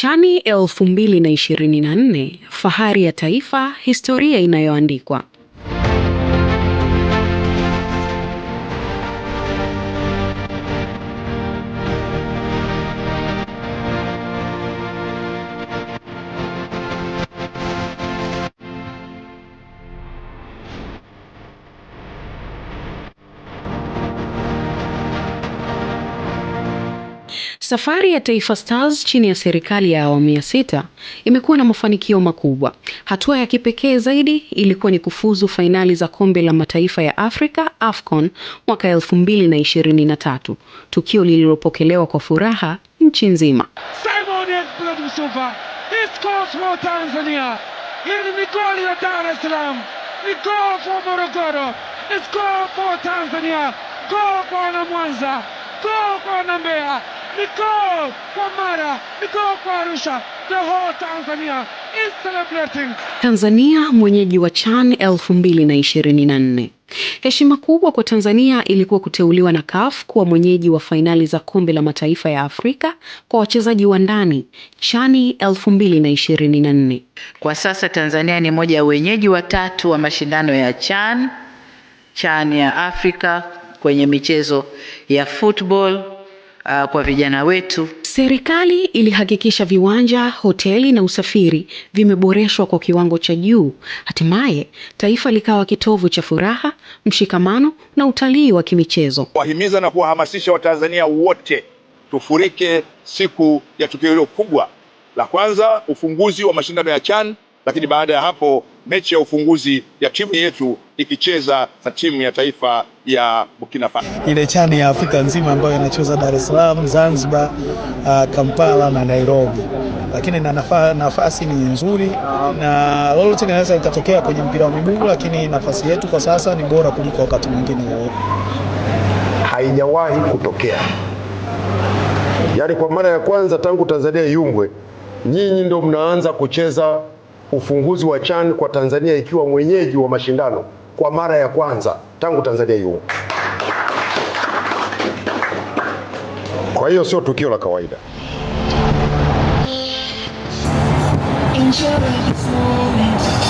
Chani 2024, fahari ya taifa, historia inayoandikwa. Safari ya Taifa Stars chini ya serikali ya awamu ya sita imekuwa na mafanikio makubwa. Hatua ya kipekee zaidi ilikuwa ni kufuzu fainali za Kombe la Mataifa ya Afrika AFCON mwaka elfu mbili na ishirini na tatu, tukio lililopokelewa kwa furaha nchi nzima. Simon Msuva, East Coast wa Tanzania. Hili ni goli ya Dar es Salaam, ni kwa Morogoro, ni kwa Tanzania, kwa Mwanza, kwa Mbeya kwa Mara, kwa Arusha, Tanzania, is celebrating. Tanzania mwenyeji wa CHAN 2024. Heshima kubwa kwa Tanzania ilikuwa kuteuliwa na CAF kuwa mwenyeji wa fainali za kombe la mataifa ya Afrika kwa wachezaji wa ndani Chani 2024. Kwa sasa Tanzania ni moja ya wenyeji watatu wa mashindano ya CHAN, CHAN ya Afrika kwenye michezo ya football uh, kwa vijana wetu. Serikali ilihakikisha viwanja, hoteli na usafiri vimeboreshwa kwa kiwango cha juu. Hatimaye taifa likawa kitovu cha furaha, mshikamano na utalii wa kimichezo. Kuwahimiza na kuwahamasisha Watanzania wote tufurike siku ya tukio hilo kubwa la kwanza, ufunguzi wa mashindano ya CHAN, lakini baada ya hapo mechi ya ufunguzi ya timu yetu ikicheza na timu ya taifa ya Burkina Faso, ile chani ya Afrika nzima ambayo inacheza Dar es Salaam, Zanzibar, uh, Kampala na Nairobi. Lakini na nafasi ni nzuri na lolote linaweza likatokea kwenye mpira wa miguu, lakini nafasi yetu kwa sasa ni bora kuliko wakati mwingine wowote. Haijawahi kutokea yaani, kwa mara ya kwanza tangu Tanzania iungwe, nyinyi ndio mnaanza kucheza ufunguzi wa CHAN kwa Tanzania ikiwa mwenyeji wa mashindano kwa mara ya kwanza tangu Tanzania yu Kwa hiyo sio tukio la kawaida. Enjoy this moment.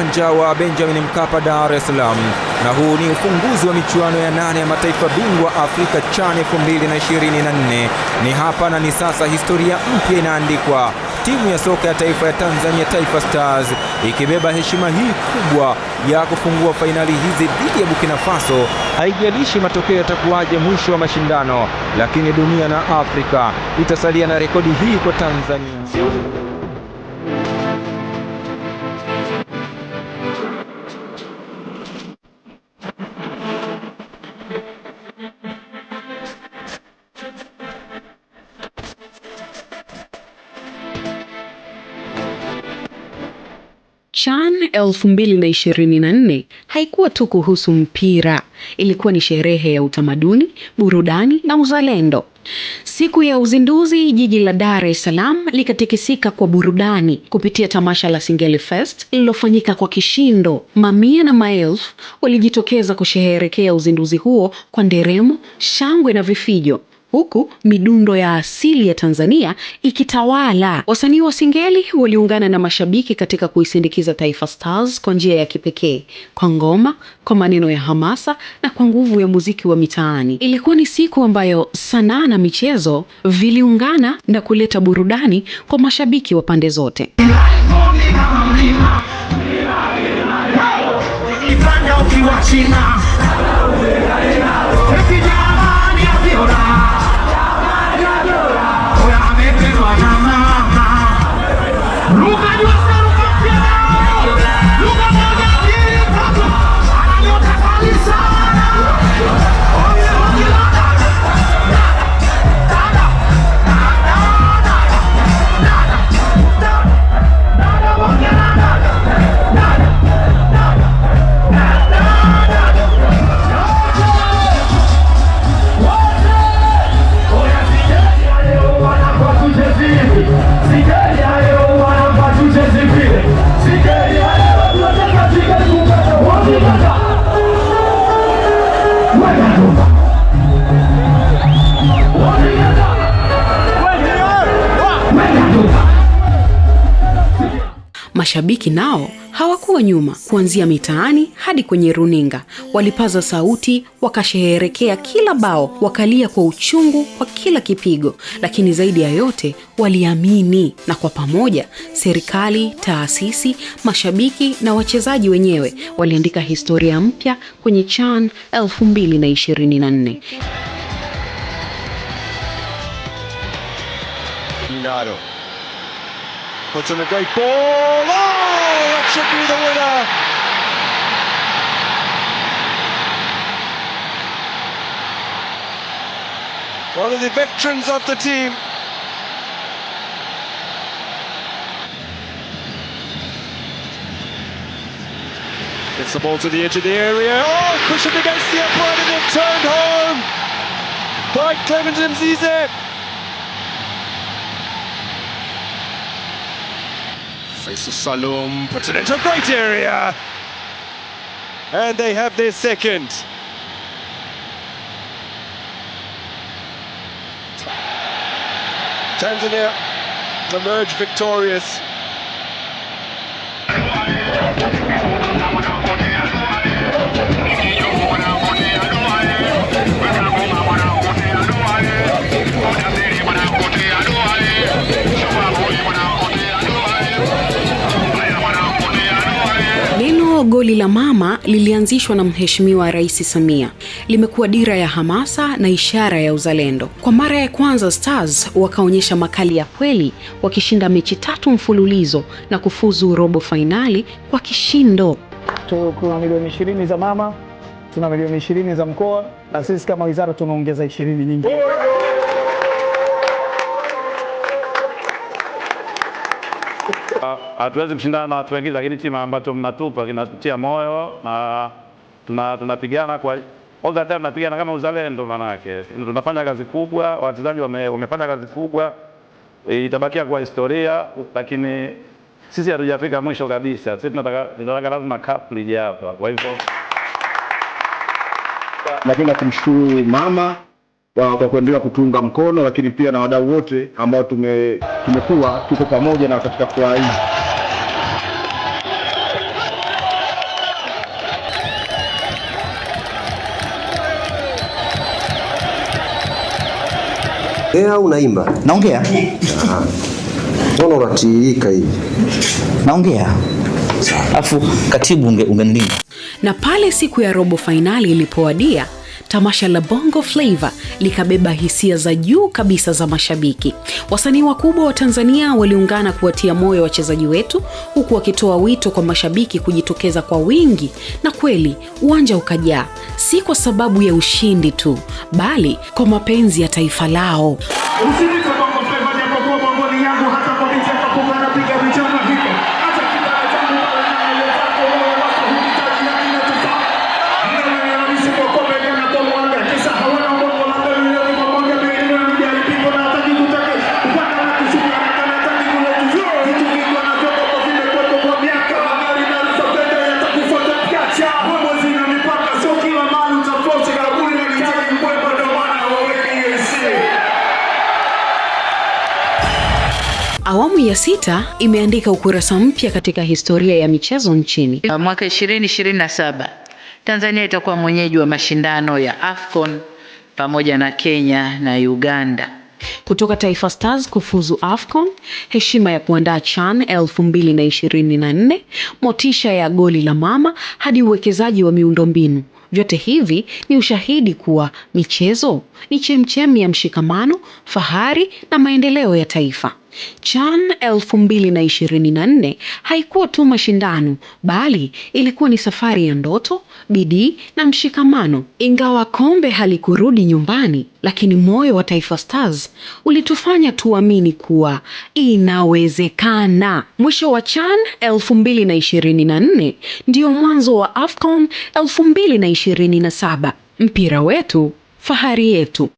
uwanja wa Benjamin Mkapa, Dar es Salaam, na huu ni ufunguzi wa michuano ya nane ya mataifa bingwa Afrika CHAN 2024. Ni hapa na ni sasa, historia mpya inaandikwa. Timu ya soka ya taifa ya Tanzania Taifa Stars ikibeba heshima hii kubwa ya kufungua fainali hizi dhidi ya Burkina Faso. Haijalishi matokeo yatakuwaje mwisho wa mashindano, lakini dunia na Afrika itasalia na rekodi hii kwa Tanzania. CHAN 2024 haikuwa tu kuhusu mpira, ilikuwa ni sherehe ya utamaduni, burudani na uzalendo. Siku ya uzinduzi, jiji la Dar es Salaam likatikisika kwa burudani kupitia tamasha la Singeli Fest lililofanyika kwa kishindo. Mamia na maelfu walijitokeza kusherehekea uzinduzi huo kwa nderemo, shangwe na vifijo huku midundo ya asili ya Tanzania ikitawala. Wasanii wa Singeli waliungana na mashabiki katika kuisindikiza Taifa Stars kwa njia ya kipekee, kwa ngoma, kwa maneno ya hamasa na kwa nguvu ya muziki wa mitaani. Ilikuwa ni siku ambayo sanaa na michezo viliungana na kuleta burudani kwa mashabiki wa pande zote. Bobby Mashabiki nao hawakuwa nyuma. Kuanzia mitaani hadi kwenye runinga, walipaza sauti, wakasheherekea kila bao, wakalia kwa uchungu kwa kila kipigo, lakini zaidi ya yote waliamini. Na kwa pamoja, serikali, taasisi, mashabiki na wachezaji wenyewe waliandika historia mpya kwenye CHAN 2024. Puts in a great ball. Oh, that should be the winner. One of the veterans of the team. Gets the ball to the edge of the area. Oh, pushing against the upright and it turned home by Clement Mzize. a saloon. puts it into a great area. And they have their second. Tanzania emerge victorious. Goli la Mama lilianzishwa na Mheshimiwa Rais Samia, limekuwa dira ya hamasa na ishara ya uzalendo. Kwa mara ya kwanza, Stars wakaonyesha makali ya kweli, wakishinda mechi tatu mfululizo na kufuzu robo fainali kwa kishindo. Tuna milioni ishirini za mama, tuna milioni ishirini za mkoa, na sisi kama wizara tumeongeza ishirini nyingi. hatuwezi kushindana na watu wengine, lakini chima ambacho mnatupa kinatia moyo na tunapigana kwa all the time tunapigana kama uzalendo, manake tunafanya kazi kubwa, wachezaji wame, wamefanya kazi kubwa, itabakia kwa historia, lakini sisi hatujafika mwisho kabisa. Sisi tunataka tunataka lazima cup lijapo. kwa hivyo lakini kumshukuru mama kwa, kwa kuendelea kutunga mkono, lakini pia na wadau wote ambao tume tumekuwa tuko pamoja na katika furaha hii. Ea, eh, unaimba? Naongea. Ah. Mbona unatiririka hivi? Naongea. Afu katibu unge, ungenilinda. Na pale siku ya robo fainali ilipowadia tamasha la Bongo Flava likabeba hisia za juu kabisa za mashabiki. Wasanii wakubwa wa Tanzania waliungana kuwatia moyo wachezaji wetu, huku wakitoa wito kwa mashabiki kujitokeza kwa wingi, na kweli uwanja ukajaa, si kwa sababu ya ushindi tu, bali kwa mapenzi ya taifa lao. Awamu ya sita imeandika ukurasa mpya katika historia ya michezo nchini. Mwaka 2027 Tanzania itakuwa mwenyeji wa mashindano ya AFCON pamoja na Kenya na Uganda. Kutoka Taifa Stars kufuzu AFCON, heshima ya kuandaa CHAN 2024, motisha ya goli la mama hadi uwekezaji wa miundombinu. Vyote hivi ni ushahidi kuwa michezo ni chemchemi ya mshikamano, fahari na maendeleo ya taifa. Chan 2024 haikuwa tu mashindano, bali ilikuwa ni safari ya ndoto, bidii na mshikamano. Ingawa kombe halikurudi nyumbani, lakini moyo wa Taifa Stars ulitufanya tuamini kuwa inawezekana. Mwisho wa Chan 2024 ndio mwanzo wa AFCON 2027. Mpira wetu, fahari yetu.